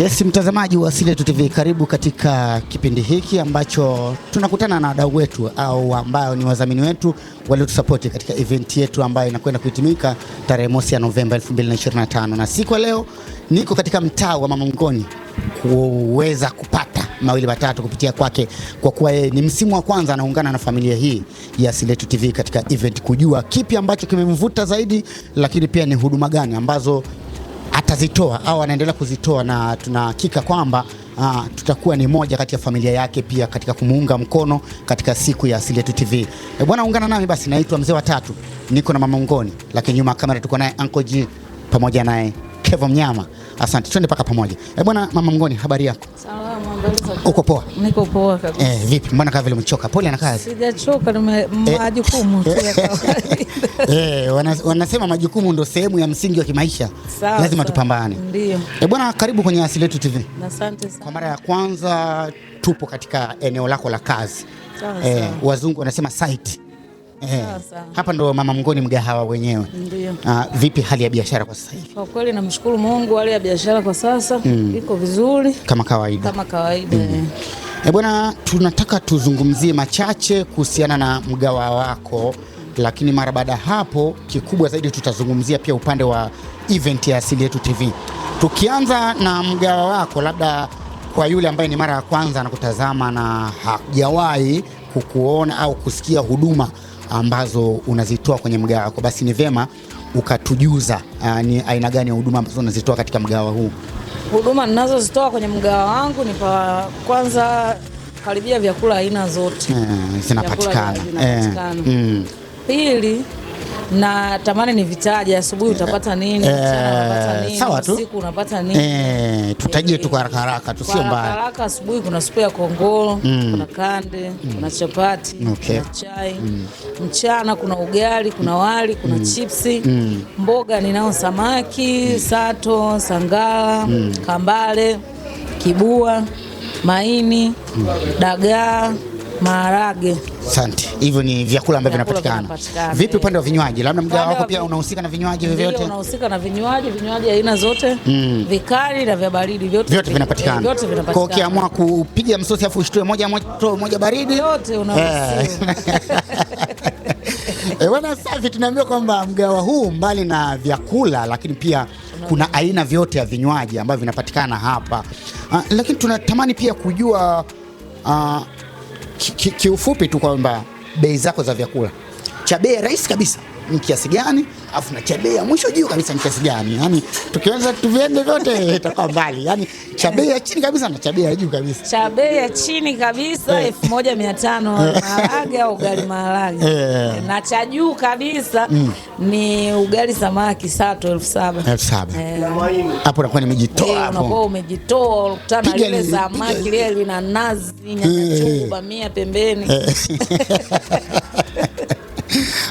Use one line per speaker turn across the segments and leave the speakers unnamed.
Yes, mtazamaji wa Sile TV, karibu katika kipindi hiki ambacho tunakutana na wadau wetu au ambao ni wadhamini wetu waliotusapoti katika event yetu ambayo inakwenda kuhitimika tarehe mosi ya Novemba 2025 na siku ya leo niko katika mtaa wa Mama Mngoni kuweza kupata mawili matatu kupitia kwake, kwa kuwa yeye ni msimu wa kwanza anaungana na familia hii ya Siletu TV katika event, kujua kipi ambacho kimemvuta zaidi, lakini pia ni huduma gani ambazo atazitoa au anaendelea kuzitoa na tunahakika kwamba Uh, tutakuwa ni moja kati ya familia yake pia katika kumuunga mkono katika siku ya Asili Yetu TV. E, eh, bwana ungana nami basi, naitwa mzee wa tatu, niko na mama Ngoni, lakini nyuma kamera tuko naye Uncle G pamoja naye Kevo Mnyama. Asante, twende paka pamoja. E, bwana mama Ngoni, habari yako? Sawa. Uko poa?
Niko poa kabisa.
Eh, vipi? Mbona kama vile umechoka? Pole na kazi.
Sijachoka, ni eh. majukumu tu
ya kawaida. Eh, wanasema majukumu ndio sehemu ya msingi wa kimaisha. Sao, lazima tupambane. Ndio. Eh, bwana karibu kwenye Asili Yetu TV. Asante sana. Kwa mara ya kwanza tupo katika eneo lako la kazi. Sao, eh, sao. Wazungu wanasema site Eh, hapa ndo Mama Mngoni mgahawa wenyewe. Ndio. Ah, vipi hali ya biashara kwa sasa hivi?
Kwa kweli namshukuru Mungu, hali ya biashara kwa sasa mm. iko vizuri
kama kawaida,
kama kawaida mm.
Eh, eh bwana, tunataka tuzungumzie machache kuhusiana na mgawa wako lakini mara baada ya hapo, kikubwa zaidi tutazungumzia pia upande wa event ya Asili Yetu TV. Tukianza na mgawa wako, labda kwa yule ambaye ni mara ya kwanza anakutazama na hajawahi kukuona au kusikia huduma ambazo unazitoa kwenye mgawa wako, basi ni vyema ukatujuza uh, ni aina gani ya huduma ambazo unazitoa katika mgawa huu.
Huduma ninazozitoa kwenye mgawa wangu ni pa kwanza, karibia vyakula aina zote
eh, zinapatikana. Eh,
mm. Pili na tamani ni vitaje, asubuhi utapata eh,
nini, sawa tu,
usiku unapata nini?
E, eh, tutajie tu haraka haraka, sio mbaya
haraka. Asubuhi kuna supu ya kongolo mm. kuna kande mm. kuna chapati okay. kuna chai mm. mchana kuna ugali, kuna mm. wali, kuna mm. chipsi mm. mboga ninao samaki mm. sato, sangala mm. kambale, kibua, maini mm. dagaa maharage.
Asante. Hivyo ni vyakula ambavyo vinapatikana. Vipi upande wa vinywaji? Labda mgawa wako pia unahusika na vinywaji
vyovyote? Unahusika na vinywaji, vinywaji aina zote mm. vikali na vya baridi vyote
vyote vinapatikana. Vyote vinapatikana. Kwa ukiamua kupiga msosi afu ushtue moja moto moja baridi
yote unahusika. Eh.
Eh, wana safi, tunaambiwa kwamba mgawa huu mbali na vyakula lakini pia kuna aina vyote ya vinywaji ambavyo vinapatikana hapa. Uh, lakini tunatamani pia kujua uh, kiufupi ki, ki tu kwamba bei zako za vyakula cha bei rahisi kabisa ni kiasi gani, afu na cha bei ya mwisho juu kabisa ni kiasi gani. Yani tukiweza tuviende vyote itakuwa mbali. Yani cha bei ya chini kabisa na cha bei ya juu kabisa.
Cha bei ya chini kabisa 1500 eh. eh. maharage au ugali maharage, eh. na cha juu kabisa mm. ni ugali samaki sato 7000. 7000.
Hapo nakuwa nimejitoa hapo.
Unakuwa umejitoa ukutana ile samaki ile lina nazi nyanya chungu bamia pembeni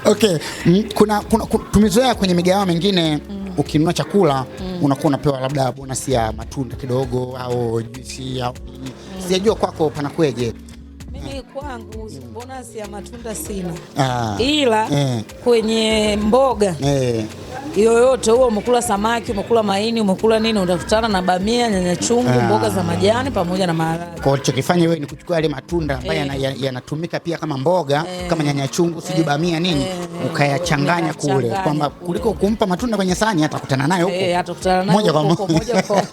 Okay. Kuna, kuna, kuna tumezoea kwenye migahawa mingine mm. ukinunua chakula mm. unakuwa unapewa labda bonus ya matunda kidogo au juisi au mm. sijajua kwako panakweje?
Mimi ah. kwangu mm. bonus ya matunda sina ah. ila eh. kwenye mboga eh yoyote, huo umekula samaki, umekula maini, umekula nini, utakutana na bamia, nyanya chungu, ah. mboga za majani pamoja na maharage.
Kwa ulichokifanya wewe ni kuchukua yale matunda ambayo eh, yanatumika ya pia kama mboga eh, kama nyanya chungu sijui eh. bamia nini eh, ukayachanganya kule, kwamba kuliko kumpa matunda kwenye sahani atakutana nayo huko
eh, moja kwa moja.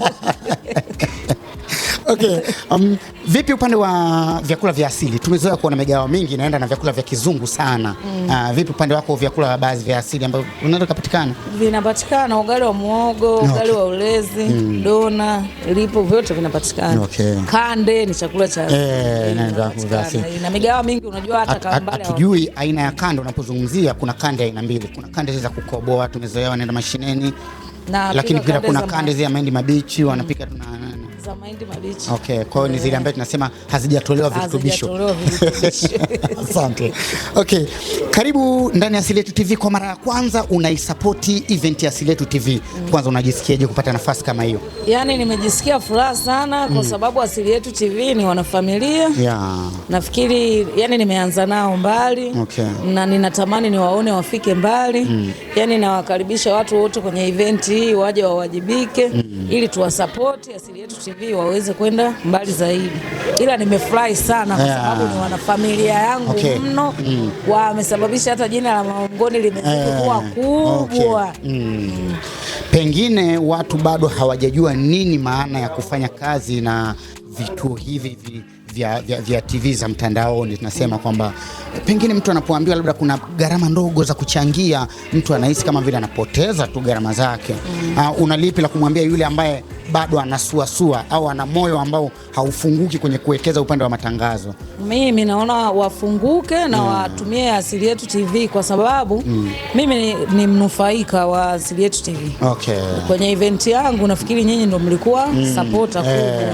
Okay. Um, vipi upande wa vyakula vya asili? Tumezoea kuona migahawa mingi inaenda na vyakula vya kizungu sana. Mm. Uh, vipi upande wako vyakula vya baadhi vya asili ambavyo unaweza kupatikana?
Vinapatikana ugali wa muogo, ugali okay, wa ulezi, mm, dona, lipo vyote vinapatikana. Okay. Kande ni chakula cha
eh,
na migahawa mingi unajua hata kama mbali.
Hatujui at, aina ya kande unapozungumzia kuna kande aina mbili. Kuna kande za kukoboa tumezoea wanaenda mashineni. Na lakini pia kuna kande zile ya mahindi mabichi wanapika tuna
za mahindi mabichi.
Okay, kwa hiyo ni zile ambazo tunasema hazijatolewa virutubisho. Asante. Okay, karibu ndani ya Asili Yetu TV. Kwa mara ya kwanza unaisapoti event ya Asili Yetu TV, mm. kwanza unajisikiaje kupata nafasi kama hiyo?
Yaani nimejisikia furaha sana kwa mm. sababu Asili Yetu TV ni wanafamilia yeah. Nafikiri yani nimeanza nao mbali okay. Na ninatamani niwaone wafike mbali mm. Yaani nawakaribisha watu wote kwenye event hii waje wawajibike mm. ili tuwasapoti Asili Yetu TV TV waweze kwenda mbali zaidi, ila nimefurahi sana kwa sababu yeah. ni wanafamilia yangu okay. mno mm. wamesababisha hata jina la Maongoni limezidi eh. kuwa kubwa
okay. mm. Pengine watu bado hawajajua nini maana ya kufanya kazi na vituo hivi hivi vya, vya, vya TV za mtandaoni, tunasema kwamba pengine mtu anapoambiwa labda kuna gharama ndogo za kuchangia, mtu anahisi kama vile anapoteza tu gharama zake. Uh, unalipi la kumwambia yule ambaye bado anasuasua au ana moyo ambao haufunguki kwenye kuwekeza upande wa matangazo?
Mimi naona wafunguke na mm. watumie Asili Yetu TV kwa sababu mm. mimi ni, ni mnufaika wa Asili Yetu TV okay. Kwenye event yangu nafikiri nyinyi ndo mlikuwa mm. sapota eh. kubwa eh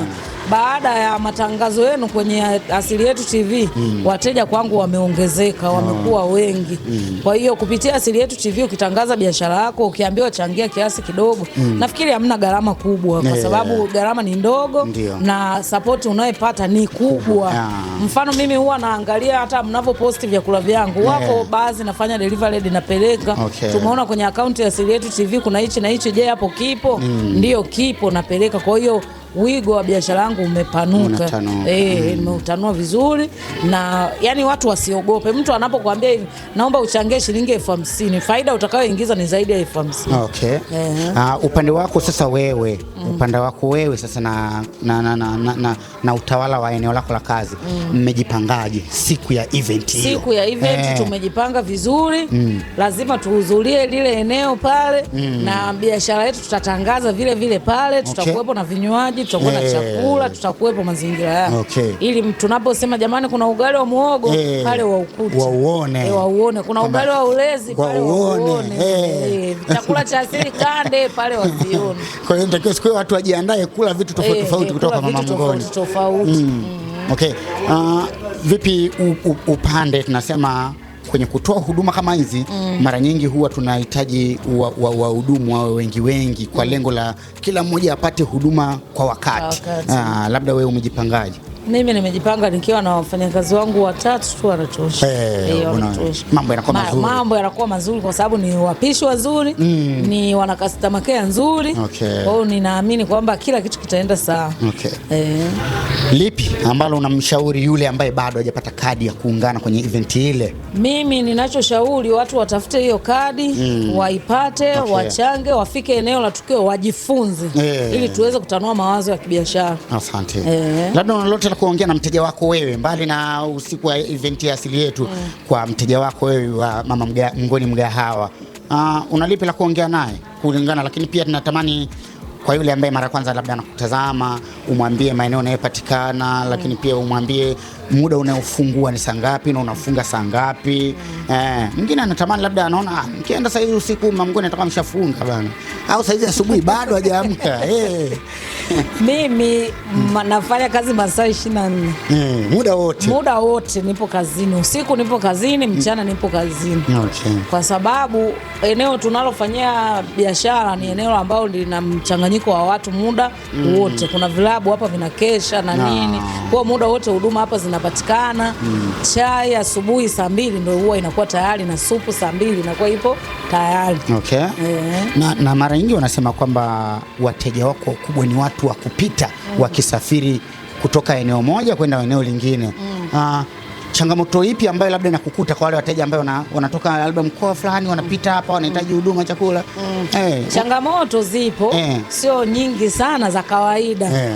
baada ya matangazo yenu kwenye Asili Yetu TV mm. wateja kwangu wameongezeka, wamekuwa ah. wengi mm. kwa hiyo kupitia Asili Yetu TV ukitangaza biashara yako, ukiambiwa changia kiasi kidogo mm. nafikiri hamna gharama kubwa kwa eh. sababu gharama ni ndogo Ndiyo. na sapoti unayopata ni kubwa yeah. mfano mimi huwa naangalia hata mnavyoposti vyakula vyangu yeah. wako baadhi nafanya delivery napeleka
okay. tumeona
kwenye akaunti ya Asili Yetu TV kuna hichi na hichi, je hapo kipo
mm. ndiyo
kipo napeleka, kwa hiyo wigo wa biashara yangu umepanuka, eh, mm. nimeutanua vizuri, na yani watu wasiogope. Mtu anapokuambia hivi, naomba uchangie shilingi elfu hamsini, faida utakayoingiza ni zaidi ya elfu hamsini.
Okay. -huh. Eh. Uh, ah, upande wako sasa wewe mm. upande wako wewe sasa na, na, na, na, na, na utawala wa eneo lako la kazi mm. mmejipangaje mm. siku ya event hiyo?
Siku ya event eh. tumejipanga vizuri mm. lazima tuhudhurie lile eneo pale mm. na biashara yetu tutatangaza vile vile pale, tutakuwepo okay. na vinywaji tutakuwa na eh. chakula, tutakuwepo mazingira
yao. Okay.
Ili tunaposema jamani, kuna ugali wa muogo hey, eh. pale waukute
wauone,
eh, wauone kuna ugali wa ulezi pale wauone chakula cha asili kande pale wasione.
Kwa hiyo nitakiwa siku watu wajiandae kula vitu tofauti tofauti kutoka kwa Mama Mngoni
tofauti.
Mm. Okay. Uh, vipi upande tunasema kwenye kutoa huduma kama hizi mm. mara nyingi huwa tunahitaji wahudumu wa, wa wawe wengi wengi kwa lengo la kila mmoja apate huduma kwa wakati. Aa, ah, labda wewe umejipangaje?
Mimi nimejipanga nikiwa na wafanyakazi wangu watatu tu wanatosha.
Hey, eh, mambo yanakuwa Ma, mazuri.
Mambo yanakuwa mazuri kwa sababu ni wapishi wazuri mm. Ni wana customer care nzuri okay. Kwa hiyo ninaamini kwamba kila kitu kitaenda sawa
okay. Hey. Eh. Lipi ambalo unamshauri yule ambaye bado hajapata kadi ya kuungana kwenye event ile?
Mimi ninachoshauri watu watafute hiyo kadi mm. waipate okay. Wachange, wafike eneo la tukio wajifunze hey. Eh. Ili tuweze kutanua mawazo ya kibiashara.
Asante. Hey. Labda kuongea na mteja wako wewe, mbali na usiku wa event ya asili yetu mm. kwa mteja wako wewe wa mama mga, Mngoni Mgahawa uh, unalipi la kuongea naye kulingana, lakini pia tunatamani kwa yule ambaye mara kwanza labda anakutazama umwambie maeneo yanayopatikana, lakini mm. pia umwambie muda unaofungua ni saa ngapi na unafunga saa ngapi. Eh, mwingine anatamani labda anaona mkienda ah, saa hizi usiku mamgoni atakuwa mshafunga bana, au saa hizi asubuhi bado hajaamka.
Eh, mimi nafanya kazi masaa 24 mm,
eh, muda wote
muda wote nipo kazini, usiku nipo kazini, mchana nipo kazini okay. Kwa sababu eneo tunalofanyia biashara ni eneo ambalo lina mchanganyiko wa watu muda mm. wote. Kuna vilabu hapa vinakesha na no. Ah. nini, kwa muda wote huduma hapa zina zinapatikana mm. Chai asubuhi saa mbili ndio huwa inakuwa tayari na supu saa mbili inakuwa ipo tayari
okay. E. Na, na mara nyingi wanasema kwamba wateja wako wakubwa ni watu wa kupita mm. wakisafiri kutoka eneo moja kwenda eneo lingine mm. uh, changamoto ipi ambayo labda inakukuta kwa wale wateja ambao wanatoka labda mkoa fulani wanapita hapa wanahitaji mm. huduma chakula? mm. hey. Eh.
Changamoto zipo hey. Eh. Sio nyingi sana za kawaida hey. Eh.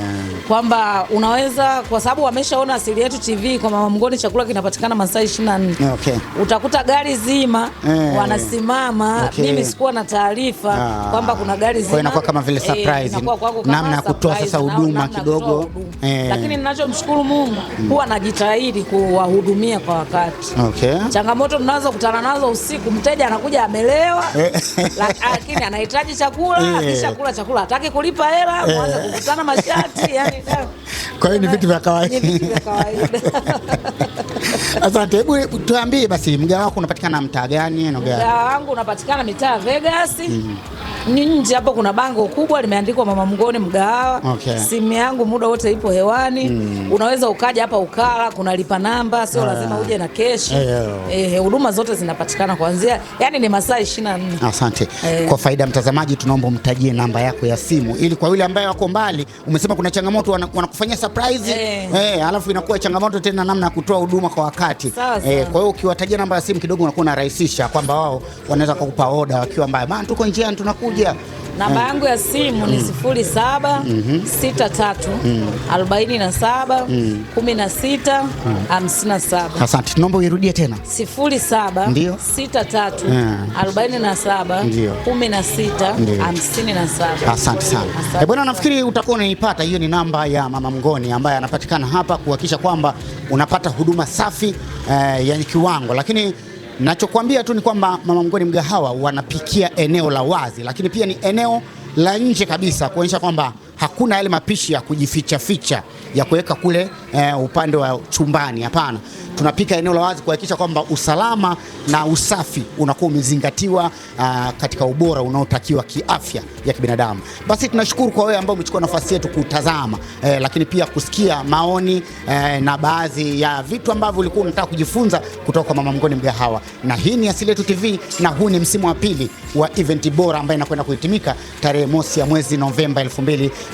Kwamba unaweza kwa sababu wameshaona Asili Yetu TV kwa Mama Mgoni chakula kinapatikana masaa 24. Okay. Utakuta gari zima hey. Wanasimama okay. Mimi sikuwa na taarifa ah. kwamba kuna gari zima
inakuwa kama vile surprise namna ya kutoa sasa huduma kidogo, Hey.
Lakini ninachomshukuru Mungu mm. huwa hmm. najitahidi kuwa kuhudumia kwa wakati. Okay. Changamoto tunazo kutana nazo usiku, mteja anakuja amelewa eh. lakini anahitaji chakula, eh. kisha kula chakula hataki kulipa hela, eh. mwanza kukutana mashati yani.
Kwa hiyo ni vitu vya kawaida. Ni vitu vya kawaida. Asante, hebu tuambie basi mgawa wako unapatikana mtaa gani?
Mgawa wangu unapatikana mitaa Vegas. Mm nje hapo kuna bango kubwa limeandikwa Mama Mngoni mgahawa. Okay. Simu yangu muda wote ipo hewani mm. Unaweza ukaja hapa ukala, kuna lipa namba, sio ah. lazima uje na keshi. Huduma eh, zote zinapatikana kuanzia, yani ni masaa 24.
Asante eh. Kwa faida mtazamaji, tunaomba mtajie namba yako ya simu ili kwa yule ambaye wako mbali, umesema kuna changamoto wanakufanyia surprise eh. Eh, alafu inakuwa changamoto tena namna ya kutoa huduma kwa wakati eh. Kwa hiyo ukiwatajia namba ya simu kidogo unakuwa unarahisisha kwamba wao wanaweza kukupa oda wakiwa mbali, maana tuko njiani tunakuja kuja.
Namba mm. yangu ya simu ni 0763 47 16 saba.
Asante, tunaomba uirudie tena
07 ndio sita 47 eh. na saba.
Asante sana eh, bwana, nafikiri utakuwa unaipata hiyo. Ni namba ya Mama Mngoni ambaye anapatikana hapa kuhakikisha kwamba unapata huduma safi eh, ya kiwango lakini Nachokwambia tu ni kwamba Mama Mngoni mgahawa wanapikia eneo la wazi, lakini pia ni eneo la nje kabisa kuonyesha kwamba hakuna yale mapishi ya kujificha ficha ya kuweka kule eh, upande wa chumbani. Hapana, tunapika eneo la wazi kuhakikisha kwamba usalama na usafi unakuwa umezingatiwa uh, katika ubora unaotakiwa kiafya ya kibinadamu. Basi tunashukuru kwa wewe ambao umechukua nafasi yetu kutazama eh, lakini pia kusikia maoni eh, na baadhi ya vitu ambavyo ulikuwa unataka kujifunza kutoka kwa Mama Mngoni Mgahawa. Na hii ni Asili Yetu TV na huu ni msimu wa pili wa event bora ambayo inakwenda kuhitimika tarehe mosi ya mwezi Novemba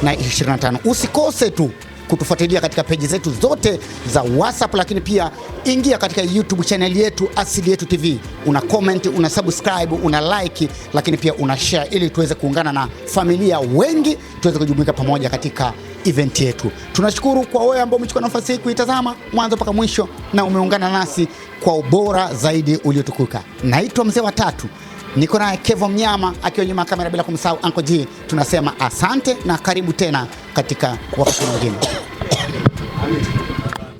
na 25. Usikose tu kutufuatilia katika peji zetu zote za WhatsApp, lakini pia ingia katika YouTube channel yetu Asili Yetu TV, una comment, una subscribe, una like, lakini pia una share, ili tuweze kuungana na familia wengi, tuweze kujumuika pamoja katika event yetu. Tunashukuru kwa wewe ambao umechukua nafasi hii kuitazama mwanzo mpaka mwisho na umeungana nasi kwa ubora zaidi uliotukuka. Naitwa Mzee wa Tatu. Niko naye Kevo Mnyama akiwa nyuma ya kamera, bila kumsahau Anko G. Tunasema asante na karibu tena katika wakati mwingine.